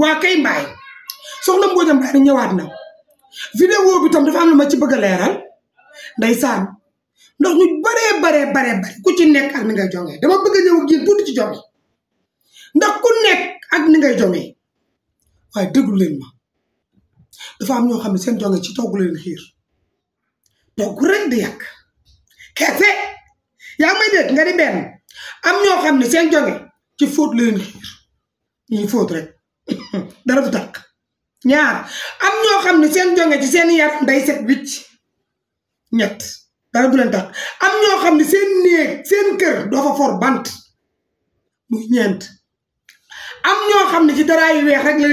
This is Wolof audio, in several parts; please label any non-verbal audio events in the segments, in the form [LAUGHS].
waa kay mbaay soxna Mbodj Mbaye rek ñëwaat na vidéo bi tam dafa am lu ma ci bëgg a leeral ndeysaan ndox ñu baree bare baree bare ku ci nekk ak ni ngay jongee dama bëgg a ñëw ak yéen tuuti ci jonge ndax ku nekk ak ni ngay jongee waaye déglu leen ma dafa am ñoo xam ne seen jonge ci togg leen xiir togg rek di yàq kese yaa may xam ne seen jonge ci fóot leen rek dara du taq ñaar am ñoo xam ne seen jonge ci seen yaram day set wicc ñett dara du leen taq am ñoo xam ne seen néeg seen kër doo fa for bant muy ñeent am ñoo xam ne ci dara yu weex rek la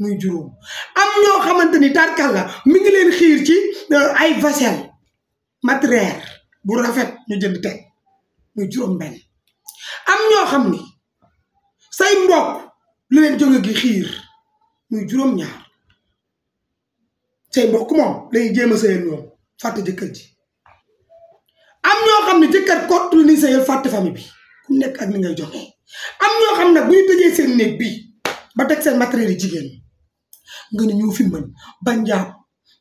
muy juróom am ñoo xamante ni tarkal mi ngi leen xiir ci eh, ay vaisselle matériel bu rafet ñu jënd teg muy juróom benn am ni say mbokk lu leen jóge gi xiir muy juróom-ñaar say mbokk moom lañuy jéem a sëyal ñoom fàtte jëkkër ji am ñoo xam ne jëkkër kottul ni sëyal fàtte famille bi ku nekk ak ni ngay joxe am ñoo xam nag bu ñu tëjee seen néeg bi ba teg seen matériel yi jigéen nga ne ñoo fi mën ba njaab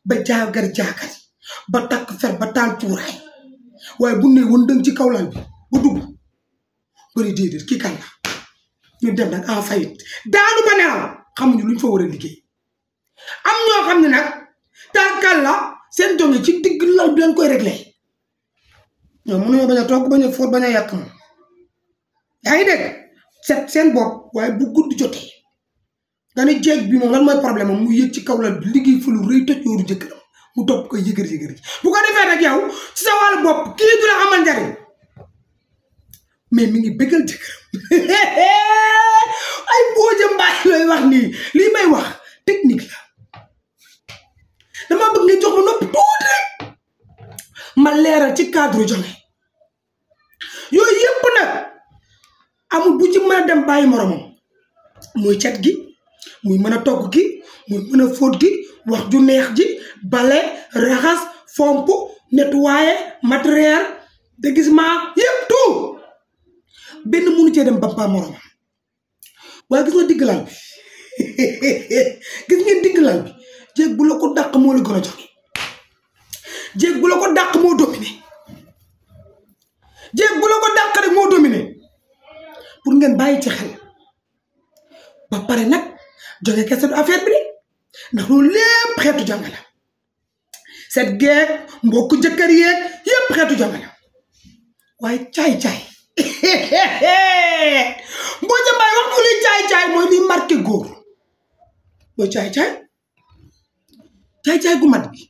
ba jaagar jaakari ba takk fer ba tànk cuuraay waaye bu ne woon ci kawlal bi bu dugg nga déedéet kii kan ñu dem nag en faillite daanu ba nelaw xam xamuñu luñ fa war a liggéey am ñoo xam ne nag tànkal la seen yi ci digg lal bi lañ koy réglé ñoom mu bañ a ba bañ a fóot bañ a yàq moom yaa ngi dégg set seen bopp waaye bu gudd jotee nga ne jeeg bi moom lan mooy problème am mu yëg ci kaw lal bi liggéey fa lu rëy toj yooru jëkkëram mu topp ko yëgër yëgër bu ko defee nag yow ci sa wàllu bopp kii du la amal mais mi ngi bëggal jëkkëram [LAUGHS] ay Mbodia Mbaye looy wax nii lii may wax technique la dama bëgg nga jox ma noppi rek ma leeral ci cadre joxe yooyu yëpp nag amul bu ci mën a dem bàyyi moromam muy cet gi muy mën a togg gi muy mën a fóot gi wax ju neex ji bale raxas fomp nettoyer matériel déguisement yëpp tout benn munu cee dem bampa morom waaye gis nga digg laal bi [LAUGHS] gis ngeen digg laal bi jéeg bu la ko dàq moo la a joxe ko dàq moo dominé jéeg bu la ko rek moo dominé pour ngeen bàyyi ci xel ba pare nag joge kese du affaire bi de ndax loolu lépp xeetu jàng set geeg mbokku jëkkër yeeg xeetu jàng waaye caay-caay [LAUGHS] Mbodia e Mbaye wax mu luy caay-caay mooy luy marqué góor mooy caay-caay caay gu mat gi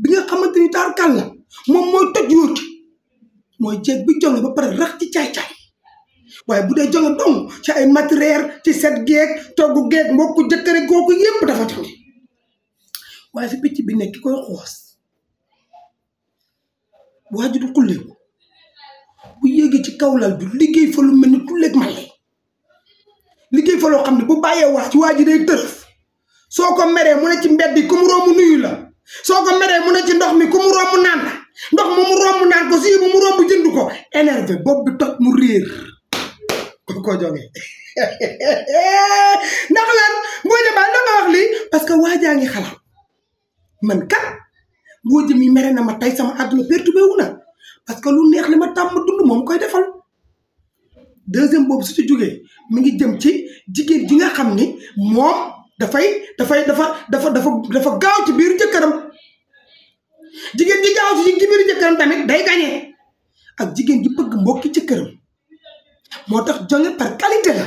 bi nga xamante ni taaru kàll la moom mooy toj yóor ci mooy jéeg bi jonge ba pare rax ci caay-caay waaye bu dee jonge dong ci ay matériel ci set geeg toggu geeg mbokku jëkkëre googu yépp dafa jonge waaye fi picc bi nekk ki koy xoos waaju du xulleeku bu yéegee ci kaw lal bi liggéey fa lu mel ni ku lekk male liggéey fa loo xam ne bu bàyyee wax ci waa ji day soo ko meree mu ne ci mbedd bi ku mu romb nuyu la soo ko meree mu ne ci ndox mi ku mu romb naan ndox mu mu romb naan ko sii bu mu romb jënd ko énervé bopp bi toj mu réer ko ko jógee ndax lan boo jëbaal da nga wax lii parce que waajaa ngi xalaat man kat boo jëm mere na ma tey sama àdduna perturbé wu na parce que lu neex li ma tàmm dund moom koy defal deuxième boobu su ci jógee mu ngi jëm ci jigéen ji nga xam ni moom dafay dafay dafa dafa dafa dafa gaaw ci biiru jëkkëram jigéen ji gaaw ci biiru jëkkëram tamit day gañee ak jigéen ji bëgg mbokki jëkkëram moo tax jonge par qualité la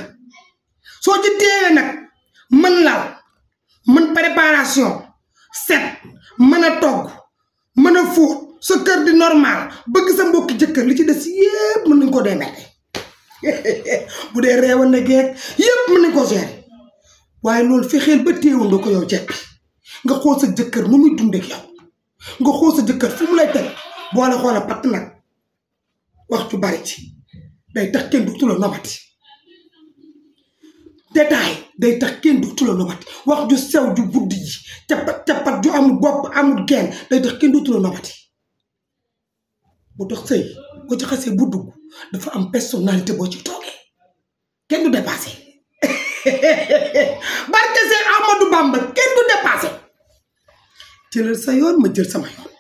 soo ci teewee nag mën laal mën préparation set mën a togg mën a fóot sa kër di normal bëgg sa mbokki jëkkër li ci des yëpp mën nañ ko démerder bu dee reewa na geeg yëpp mën nañ ko gérer waaye loolu fexeel ba téewandoo ko yow jekk nga xool sa jëkkër mu muy dund ak nga xool sa jëkkër fu mu lay teg boole xoola patt nag wax ju bari ci day tax kenn duutu la nobati détail day tax kenn duutu la nobati wax ju sew ju buddi ji capat capat ju amul bopp amul genn day tax kenn duutu la nobati bu tax sëy boo ci xasee bu dugg dafa am personnalité boo ci toogee kenn du dépassé [LAUGHS] barke Seex Ahmadou Bamba kenn du dépassé jëlal sa yoon ma jël sama yoon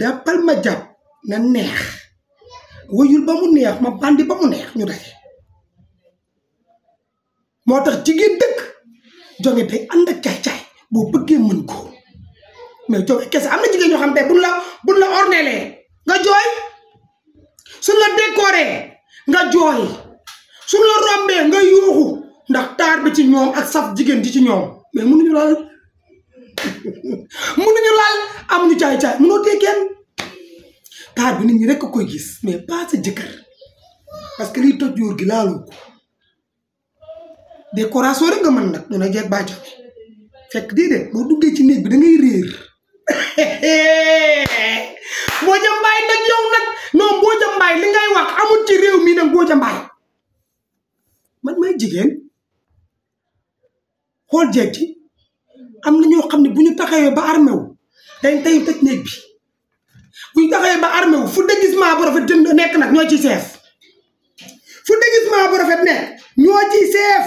dàppal ma jàpp na neex wayul ba mu neex ma bandi ba mu neex ñu daje moo tax jigéen dëkk jonge day ànd ak caay-caay boo bëggee mën ko mais jonge kese am na jigéen ñoo xam ne bu la bu la ornelee nga jooy suñ la décoré nga jooy suñ la rombee nga yuuxu ndax taar bi ci ñoom ak saf jigéen ji ci ñoom mais mënuñu laal [LAUGHS] mënuñu laal amuñu caay-caay mënoo tee kenn taar bi nit ñi rekk koy gis mais pas sa jëkkër parce que lii toj jur gi laalu ko décoration rek nga mën nag ñu ne jeeg bàjjo fekk déedéet boo duggee ci néeg bi da ngay [LAUGHS] amut ci réew mi ne Ngoja Mbaay man may jigéen xool jeeg am na ñoo xam ne bu ñu taxawee ba armé wu dañ tey tëj néeg bi bu ñu taxawee ba armé wu fu déguisement bu rafet dënd nekk nag ñoo ci seef fu déguisement bu rafet nekk ñoo ci seef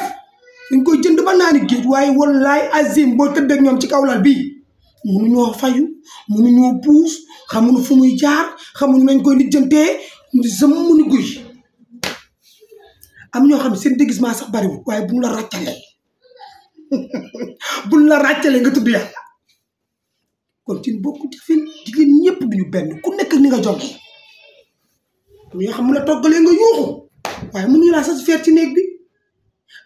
dañ jënd ba naani géej waaye wallaay azim boo tëdd ak ñoom ci kawlal bii mënuñoo fayu mënuñoo puus xamuñu fu muy jaar xamuñu nañ koy lijjantee mu zëm mu ni guy am ñoo xam ne seen déguisement sax bariwul waaye buñ la ràccalee [LAUGHS] buñ la ràccalee nga tudd yàlla kon ci bokku ci fi jigéen ñëpp duñu benn ku nekk ni nga jonge am ñoo xam ne nga yuuxu waaye mënuñu laa ci néeg bi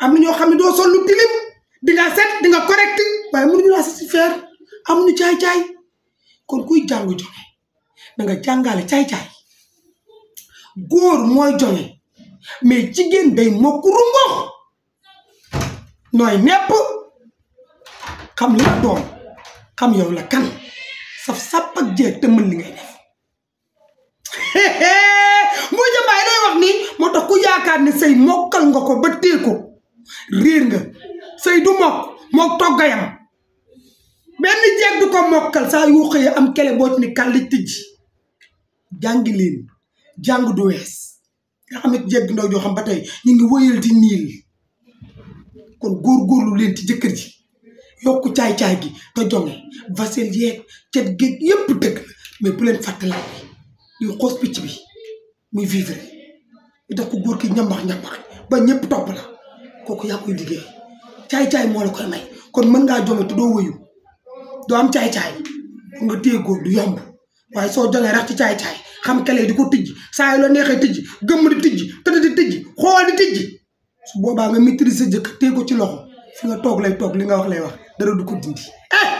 am na ñoo xam ne doo sol lu tilim di nga set di nga correct waaye mënuñu laa satisfaire amuñu caay-caay kon kuy jàngu jonge da nga jàngale caay-caay góor mooy joŋe mais jigéen day mokkuru ngox nooy nepp xam la doon xam yow la kan saf sàpp ak jeeg te mën ngay def [LAUGHS] moo jëmbaay day wax nii moo tax yaakaar ni sëy mokkal nga ko ba téye ko réer nga sëy du mokk mook toggayam benn jeeg du ko mokkal saa yu xëyee am kele boo ci ne kàlli tëj jàngi leen jàng du wees nga xam ne jégg ndaw joo xam ba tey ñu ngi wëyal di niil kon góor góor lu leen ci jëkkër ji yokku caay-caay gi te jonge vaisselle yeeg cet géej yépp dëgg la mais bu leen fàttalaa bi ñuy muy vivre ñu ko góor ki ñambax ñambax ba ñëpp topp la kooku yaa koy liggéey caay-caay moo la koy may kon mën ngaa jonge te doo wëyu doo am caay-caay nga téye góor du yomb waaye soo jongee rax ci caay-caay xam kale di ko tijj saa yu la neexee tijj gëmm di tijj tëdd di tijj xool di tijj su boobaa nga maîtriser sa jëkk tee ci loxo fi nga toog lay toog li nga wax lay wax dara du ko dindi eh